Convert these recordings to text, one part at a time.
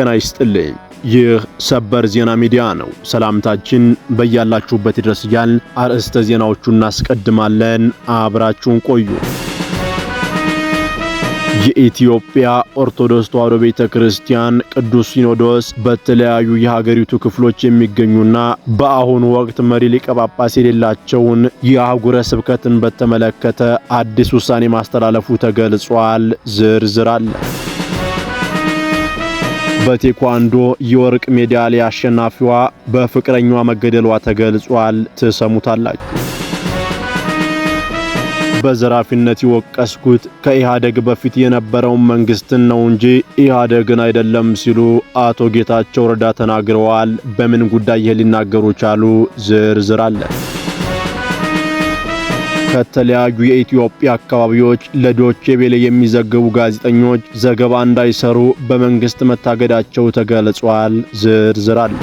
ጤና ይስጥልኝ። ይህ ሰበር ዜና ሚዲያ ነው። ሰላምታችን በያላችሁበት ድረስ እያልን አርዕስተ ዜናዎቹ እናስቀድማለን። አብራችሁን ቆዩ። የኢትዮጵያ ኦርቶዶክስ ተዋሕዶ ቤተ ክርስቲያን ቅዱስ ሲኖዶስ በተለያዩ የሀገሪቱ ክፍሎች የሚገኙና በአሁኑ ወቅት መሪ ሊቀ ጳጳስ የሌላቸውን የአህጉረ ስብከትን በተመለከተ አዲስ ውሳኔ ማስተላለፉ ተገልጿል። ዝርዝር አለ። በቴኳንዶ የወርቅ ሜዳሊያ አሸናፊዋ በፍቅረኛዋ መገደሏ ተገልጿል። ትሰሙታላችሁ። በዘራፊነት የወቀስኩት ከኢህአደግ በፊት የነበረውን መንግስትን ነው እንጂ ኢህአደግን አይደለም ሲሉ አቶ ጌታቸው ረዳ ተናግረዋል። በምን ጉዳይ ይህ ሊናገሩ ቻሉ? ዝርዝር አለ። ከተለያዩ የኢትዮጵያ አካባቢዎች ለዶቼ ቬለ የሚዘግቡ ጋዜጠኞች ዘገባ እንዳይሰሩ በመንግስት መታገዳቸው ተገልጿል። ዝርዝራል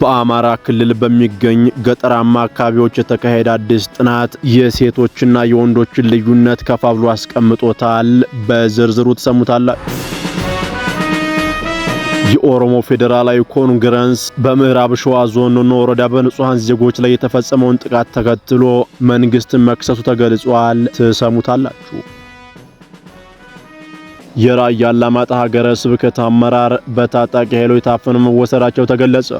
በአማራ ክልል በሚገኝ ገጠራማ አካባቢዎች የተካሄደ አዲስ ጥናት የሴቶችና የወንዶችን ልዩነት ከፋፍሎ አስቀምጦታል። በዝርዝሩ ትሰሙታላችሁ። የኦሮሞ ፌዴራላዊ ኮንግረስ በምዕራብ ሸዋ ዞን ኖኖ ወረዳ በንጹሐን ዜጎች ላይ የተፈጸመውን ጥቃት ተከትሎ መንግስትን መክሰሱ ተገልጿል። ትሰሙታላችሁ። የራያ አላማጣ ሀገረ ስብከት አመራር በታጣቂ ኃይሎች ታፍነው መወሰዳቸው ተገለጸ።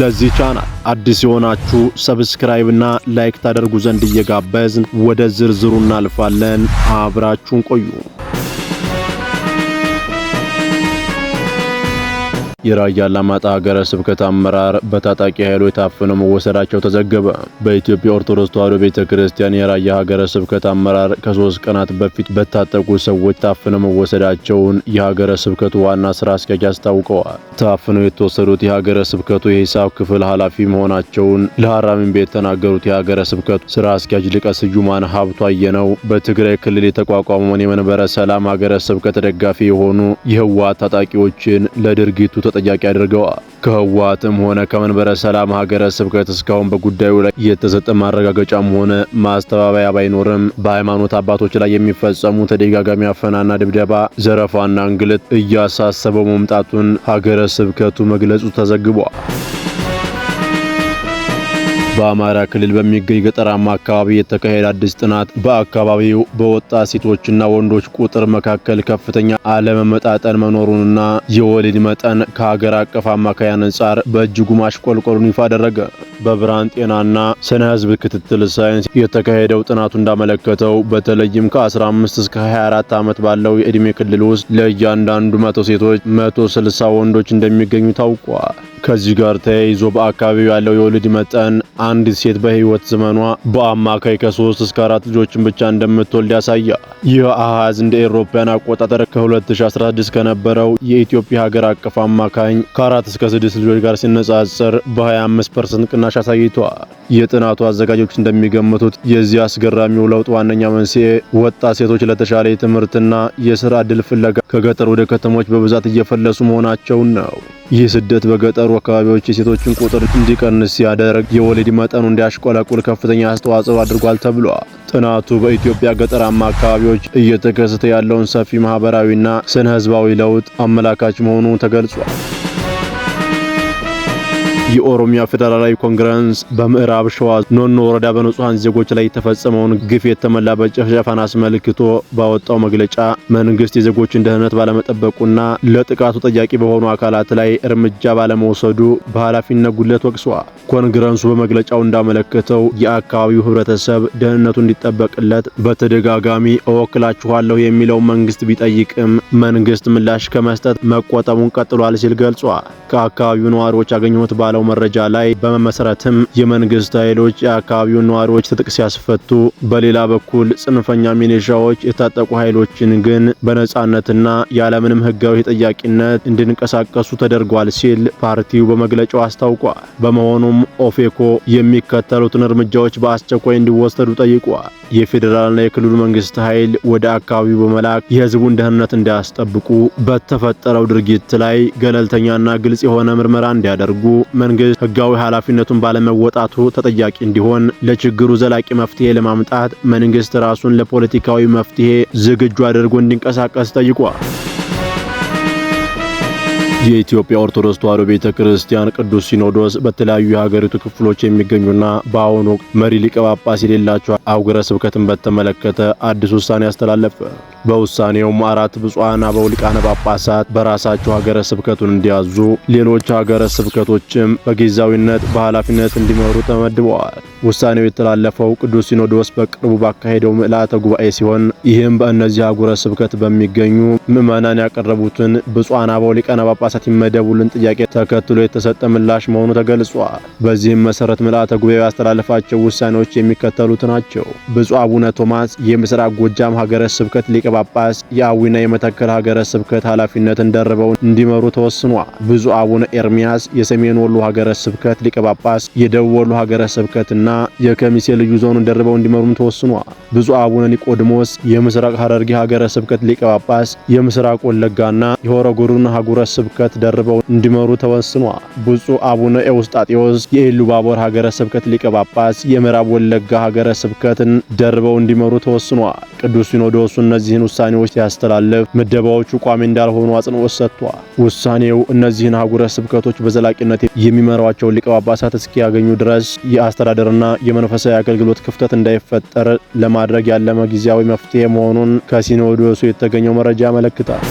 ለዚህ ቻናል አዲስ የሆናችሁ ሰብስክራይብ እና ላይክ ታደርጉ ዘንድ እየጋበዝን ወደ ዝርዝሩ እናልፋለን። አብራችሁን ቆዩ። የራያ አላማጣ ሀገረ ስብከት አመራር በታጣቂ ኃይሎች ታፍነው መወሰዳቸው ተዘገበ። በኢትዮጵያ ኦርቶዶክስ ተዋሕዶ ቤተክርስቲያን የራያ ሀገረ ስብከት አመራር ከሶስት ቀናት በፊት በታጠቁ ሰዎች ታፍነው መወሰዳቸውን የሀገረ ስብከቱ ዋና ስራ አስኪያጅ አስታውቀዋል። ታፍነው የተወሰዱት የሀገረ ስብከቱ የሂሳብ ክፍል ኃላፊ መሆናቸውን ለሐራሚን ቤት የተናገሩት የሀገረ ስብከቱ ስራ አስኪያጅ ሊቀ ስዩማን ሀብቱ አየነው በትግራይ ክልል የተቋቋመውን የመንበረ ሰላም ሀገረ ስብከት ደጋፊ የሆኑ የህወሓት ታጣቂዎችን ለድርጊቱ ተጠያቂ አድርገዋል። ከህወሓትም ሆነ ከመንበረ ሰላም ሀገረ ስብከት እስካሁን በጉዳዩ ላይ የተሰጠ ማረጋገጫም ሆነ ማስተባበያ ባይኖርም በሃይማኖት አባቶች ላይ የሚፈጸሙ ተደጋጋሚ አፈናና ድብደባ፣ ዘረፋና እንግልት እያሳሰበው መምጣቱን ሀገረ ስብከቱ መግለጹ ተዘግቧል። በአማራ ክልል በሚገኝ ገጠራማ አካባቢ የተካሄደ አዲስ ጥናት በአካባቢው በወጣት ሴቶችና ወንዶች ቁጥር መካከል ከፍተኛ አለመመጣጠን መኖሩንና የወሊድ መጠን ከሀገር አቀፍ አማካይ አንጻር በእጅጉ ማሽቆልቆሉን ይፋ አደረገ። በብርሃን ጤናና ስነ ህዝብ ክትትል ሳይንስ የተካሄደው ጥናቱ እንዳመለከተው በተለይም ከ15 እስከ 24 ዓመት ባለው የዕድሜ ክልል ውስጥ ለእያንዳንዱ መቶ ሴቶች 160 ወንዶች እንደሚገኙ ታውቋል። ከዚህ ጋር ተያይዞ በአካባቢው ያለው የወሊድ መጠን አንዲት ሴት በህይወት ዘመኗ በአማካይ ከ3 እስከ 4 ልጆችን ብቻ እንደምትወልድ ያሳያል። ይህ አሃዝ እንደ ኤሮፓያን አቆጣጠር ከ2016 ከነበረው የኢትዮጵያ ሀገር አቀፍ አማካኝ ከ4 እስከ 6 ልጆች ጋር ሲነጻጸር በ25 ፐርሰንት ቅናሽ ምላሽ አሳይቷል። የጥናቱ አዘጋጆች እንደሚገምቱት የዚህ አስገራሚው ለውጥ ዋነኛ መንስኤ ወጣት ሴቶች ለተሻለ የትምህርትና የስራ እድል ፍለጋ ከገጠር ወደ ከተሞች በብዛት እየፈለሱ መሆናቸውን ነው። ይህ ስደት በገጠሩ አካባቢዎች የሴቶችን ቁጥር እንዲቀንስ ሲያደርግ የወሊድ መጠኑ እንዲያሽቆለቁል ከፍተኛ አስተዋጽኦ አድርጓል ተብሏል። ጥናቱ በኢትዮጵያ ገጠራማ አካባቢዎች እየተከሰተ ያለውን ሰፊ ማህበራዊና ስነ ህዝባዊ ለውጥ አመላካች መሆኑ ተገልጿል። የኦሮሚያ ፌዴራላዊ ኮንግረስ በምዕራብ ሸዋ ኖኖ ወረዳ በንጹሐን ዜጎች ላይ የተፈጸመውን ግፍ የተሞላበት ጭፍጨፋን አስመልክቶ ባወጣው መግለጫ መንግስት የዜጎችን ደህንነት ባለመጠበቁና ለጥቃቱ ጠያቂ በሆኑ አካላት ላይ እርምጃ ባለመውሰዱ በኃላፊነት ጉድለት ወቅሰዋል። ኮንግረሱ በመግለጫው እንዳመለከተው የአካባቢው ህብረተሰብ ደህንነቱ እንዲጠበቅለት በተደጋጋሚ እወክላችኋለሁ የሚለውን መንግስት ቢጠይቅም መንግስት ምላሽ ከመስጠት መቆጠቡን ቀጥሏል ሲል ገልጿል። ከአካባቢው ነዋሪዎች ያገኘሁት ባለው በወጣው መረጃ ላይ በመመሰረትም የመንግስት ኃይሎች የአካባቢውን ነዋሪዎች ትጥቅ ሲያስፈቱ፣ በሌላ በኩል ጽንፈኛ ሚኒሻዎች የታጠቁ ኃይሎችን ግን በነጻነትና ያለምንም ህጋዊ ተጠያቂነት እንዲንቀሳቀሱ ተደርጓል ሲል ፓርቲው በመግለጫው አስታውቋል። በመሆኑም ኦፌኮ የሚከተሉትን እርምጃዎች በአስቸኳይ እንዲወሰዱ ጠይቋል። የፌዴራልና የክልሉ መንግስት ኃይል ወደ አካባቢው በመላክ የህዝቡን ደህንነት እንዲያስጠብቁ፣ በተፈጠረው ድርጊት ላይ ገለልተኛና ግልጽ የሆነ ምርመራ እንዲያደርጉ መንግስት ህጋዊ ኃላፊነቱን ባለመወጣቱ ተጠያቂ እንዲሆን፣ ለችግሩ ዘላቂ መፍትሄ ለማምጣት መንግስት ራሱን ለፖለቲካዊ መፍትሄ ዝግጁ አድርጎ እንዲንቀሳቀስ ጠይቋል። የኢትዮጵያ ኦርቶዶክስ ተዋሕዶ ቤተ ክርስቲያን ቅዱስ ሲኖዶስ በተለያዩ የሀገሪቱ ክፍሎች የሚገኙና በአሁኑ መሪ ሊቀ ጳጳስ የሌላቸው አህጉረ ስብከትን በተመለከተ አዲስ ውሳኔ አስተላለፈ። በውሳኔውም አራት ብፁዓን አበው ሊቃነ ጳጳሳት በራሳቸው ሀገረ ስብከቱን እንዲያዙ፣ ሌሎች ሀገረ ስብከቶችም በጊዜያዊነት በኃላፊነት እንዲመሩ ተመድበዋል። ውሳኔው የተላለፈው ቅዱስ ሲኖዶስ በቅርቡ ባካሄደው ምልአተ ጉባኤ ሲሆን ይህም በእነዚህ አህጉረ ስብከት በሚገኙ ምዕመናን ያቀረቡትን ብፁዓን አበው ሊቃነ ጳጳሳት ካህሳት ይመደቡልን ጥያቄ ተከትሎ የተሰጠ ምላሽ መሆኑ ተገልጿል። በዚህም መሰረት ምልአተ ጉባኤው ያስተላለፋቸው ውሳኔዎች የሚከተሉት ናቸው። ብፁዕ አቡነ ቶማስ የምስራቅ ጎጃም ሀገረ ስብከት ሊቀ ጳጳስ፣ የአዊና የመተከል ሀገረ ስብከት ኃላፊነትን ደርበው እንዲመሩ ተወስኗል። ብፁዕ አቡነ ኤርሚያስ የሰሜን ወሎ ሀገረ ስብከት ሊቀ ጳጳስ፣ የደቡብ ወሎ ሀገረ ስብከትና የከሚሴ ልዩ ዞኑን ደርበው እንዲመሩም ተወስኗል። ብፁዕ አቡነ ኒቆድሞስ የምስራቅ ሀረርጌ ሀገረ ስብከት ሊቀ ጳጳስ፣ የምስራቅ ወለጋና የሆረ ጉድሩን ሀገረ ስብከት ስብከት ደርበው እንዲመሩ ተወስኗል። ብፁዕ አቡነ ኤዎስጣቴዎስ የኢሉባቦር ሀገረ ስብከት ሊቀ ጳጳስ የምዕራብ ወለጋ ሀገረ ስብከትን ደርበው እንዲመሩ ተወስኗል። ቅዱስ ሲኖዶሱ እነዚህን ውሳኔዎች ሲያስተላልፍ ምደባዎቹ ቋሚ እንዳልሆኑ አጽንኦት ሰጥቷል። ውሳኔው እነዚህን ሀገረ ስብከቶች በዘላቂነት የሚመሯቸው ሊቀ ጳጳሳት እስኪያገኙ ድረስ የአስተዳደርና የመንፈሳዊ አገልግሎት ክፍተት እንዳይፈጠር ለማድረግ ያለመ ጊዜያዊ መፍትሄ መሆኑን ከሲኖዶሱ የተገኘው መረጃ ያመለክታል።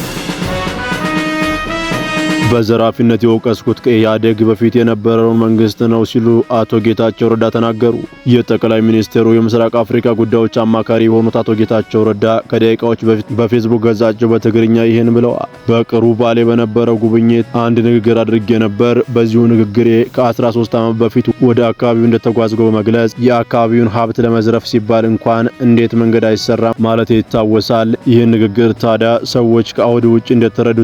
በዘራፊነት የወቀስኩት ከኢህአዴግ በፊት የነበረውን መንግስት ነው ሲሉ አቶ ጌታቸው ረዳ ተናገሩ። የጠቅላይ ሚኒስትሩ የምስራቅ አፍሪካ ጉዳዮች አማካሪ የሆኑት አቶ ጌታቸው ረዳ ከደቂቃዎች በፊት በፌስቡክ ገጻቸው በትግርኛ ይህን ብለዋል። በቅርቡ ባሌ በነበረው ጉብኝት አንድ ንግግር አድርጌ ነበር። በዚሁ ንግግሬ ከ13 ዓመት በፊት ወደ አካባቢው እንደተጓዝገው በመግለጽ የአካባቢውን ሀብት ለመዝረፍ ሲባል እንኳን እንዴት መንገድ አይሰራም ማለት ይታወሳል። ይህን ንግግር ታዲያ ሰዎች ከአውድ ውጭ እንደተረዱ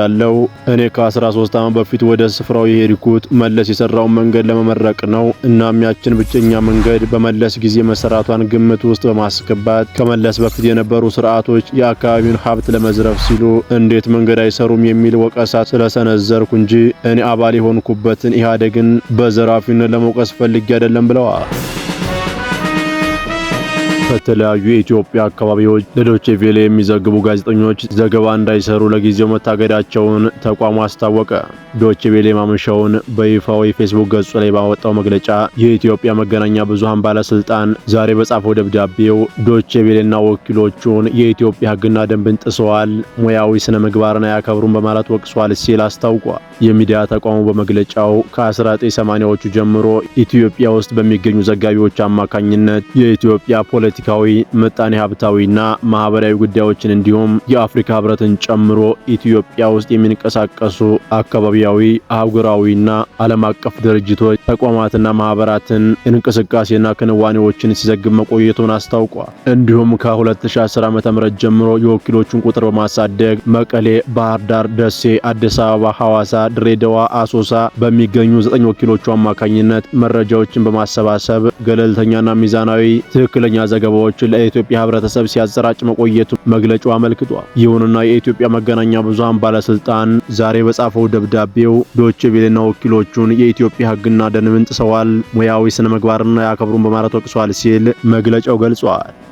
ያለው እኔ ከ13 ዓመት በፊት ወደ ስፍራው የሄድኩት መለስ የሰራውን መንገድ ለመመረቅ ነው። እናም ያችን ብቸኛ መንገድ በመለስ ጊዜ መሰራቷን ግምት ውስጥ በማስገባት ከመለስ በፊት የነበሩ ስርዓቶች የአካባቢውን ሀብት ለመዝረፍ ሲሉ እንዴት መንገድ አይሰሩም የሚል ወቀሳ ስለሰነዘርኩ እንጂ እኔ አባል የሆንኩበትን ኢህአዴግን በዘራፊነት ለመውቀስ ፈልጌ አይደለም ብለዋል። ከተለያዩ የኢትዮጵያ አካባቢዎች ለዶቼ ቬለ የሚዘግቡ ጋዜጠኞች ዘገባ እንዳይሰሩ ለጊዜው መታገዳቸውን ተቋሙ አስታወቀ። ዶቼ ቬለ ማምሻውን በይፋው የፌስቡክ ገጹ ላይ ባወጣው መግለጫ የኢትዮጵያ መገናኛ ብዙሃን ባለስልጣን ዛሬ በጻፈው ደብዳቤው ዶቼ ቬለና ወኪሎቹን የኢትዮጵያ ሕግና ደንብን ጥሰዋል፣ ሙያዊ ስነ ምግባርን አያከብሩም በማለት ወቅሷል ሲል አስታውቋል። የሚዲያ ተቋሙ በመግለጫው ከ1980ዎቹ ጀምሮ ኢትዮጵያ ውስጥ በሚገኙ ዘጋቢዎች አማካኝነት የኢትዮጵያ ፖለቲ ፖለቲካዊ፣ ምጣኔ ሀብታዊና ማህበራዊ ጉዳዮችን እንዲሁም የአፍሪካ ህብረትን ጨምሮ ኢትዮጵያ ውስጥ የሚንቀሳቀሱ አካባቢያዊ፣ አህጉራዊና ዓለም አቀፍ ድርጅቶች ተቋማትና ማህበራትን እንቅስቃሴና ክንዋኔዎችን ሲዘግብ መቆየቱን አስታውቋል። እንዲሁም ከ2010 .ም ጀምሮ የወኪሎቹን ቁጥር በማሳደግ መቀሌ፣ ባህር ዳር፣ ደሴ፣ አዲስ አበባ፣ ሐዋሳ፣ ድሬዳዋ፣ አሶሳ በሚገኙ ዘጠኝ ወኪሎቹ አማካኝነት መረጃዎችን በማሰባሰብ ገለልተኛና ሚዛናዊ ትክክለኛ ዘገ ዘገባዎችን ለኢትዮጵያ ህብረተሰብ ሲያሰራጭ መቆየቱ መግለጫው አመልክቷል። ይሁንና የኢትዮጵያ መገናኛ ብዙሃን ባለስልጣን ዛሬ በጻፈው ደብዳቤው ዶቼ ቬሌና ወኪሎቹን የኢትዮጵያ ህግና ደንብን ጥሰዋል፣ ሙያዊ ስነ ምግባርና ያከብሩን በማለት ወቅሷል ሲል መግለጫው ገልጿል።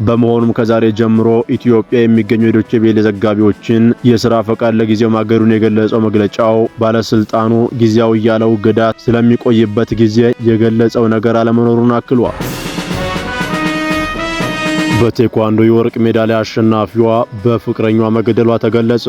በመሆኑም ከዛሬ ጀምሮ ኢትዮጵያ የሚገኙ የዶቼ ቬሌ ዘጋቢዎችን የስራ ፈቃድ ለጊዜው ማገዱን የገለጸው መግለጫው ባለስልጣኑ ጊዜያዊ ያለው እገዳ ስለሚቆይበት ጊዜ የገለጸው ነገር አለመኖሩን አክሏል። በቴኳንዶ የወርቅ ሜዳሊያ አሸናፊዋ በፍቅረኛ መገደሏ ተገለጸ።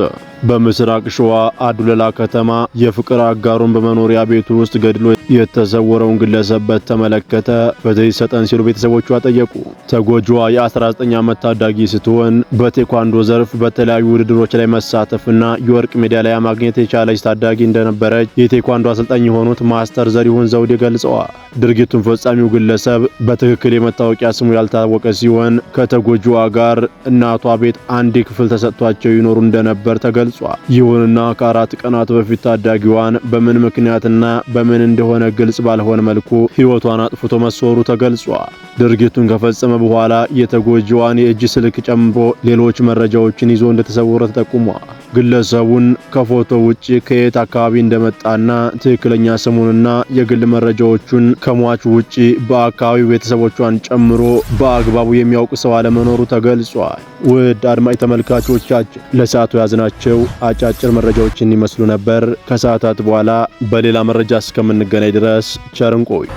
በምስራቅ ሸዋ አዱለላ ከተማ የፍቅር አጋሩን በመኖሪያ ቤቱ ውስጥ ገድሎ የተሰወረውን ግለሰብ በተመለከተ ፍትህ ይሰጠን ሲሉ ቤተሰቦቿ ጠየቁ። ተጎጂዋ የ19 ዓመት ታዳጊ ስትሆን በቴኳንዶ ዘርፍ በተለያዩ ውድድሮች ላይ መሳተፍና የወርቅ ሜዳሊያ ማግኘት የቻለች ታዳጊ እንደነበረች የቴኳንዶ አሰልጣኝ የሆኑት ማስተር ዘሪሁን ዘውዴ ገልጸዋል። ድርጊቱን ፈጻሚው ግለሰብ በትክክል የመታወቂያ ስሙ ያልታወቀ ሲሆን ከተጎጂዋ ጋር እናቷ ቤት አንድ ክፍል ተሰጥቷቸው ይኖሩ እንደነበር ተገልጿል። ተገልጿል። ይሁንና ከአራት ቀናት በፊት ታዳጊዋን በምን ምክንያትና በምን እንደሆነ ግልጽ ባልሆነ መልኩ ሕይወቷን አጥፍቶ መሰወሩ ተገልጿል። ድርጊቱን ከፈጸመ በኋላ የተጎጂዋን የእጅ ስልክ ጨምሮ ሌሎች መረጃዎችን ይዞ እንደተሰወረ ተጠቁሟል። ግለሰቡን ከፎቶ ውጪ ከየት አካባቢ እንደመጣና ትክክለኛ ስሙንና የግል መረጃዎቹን ከሟች ውጪ በአካባቢው ቤተሰቦቿን ጨምሮ በአግባቡ የሚያውቅ ሰው አለመኖሩ ተገልጿል። ውድ አድማጭ ተመልካቾቻችን ለሰዓቱ ያዝናቸው አጫጭር መረጃዎችን ይመስሉ ነበር። ከሰዓታት በኋላ በሌላ መረጃ እስከምንገናኝ ድረስ ቸርንቆይ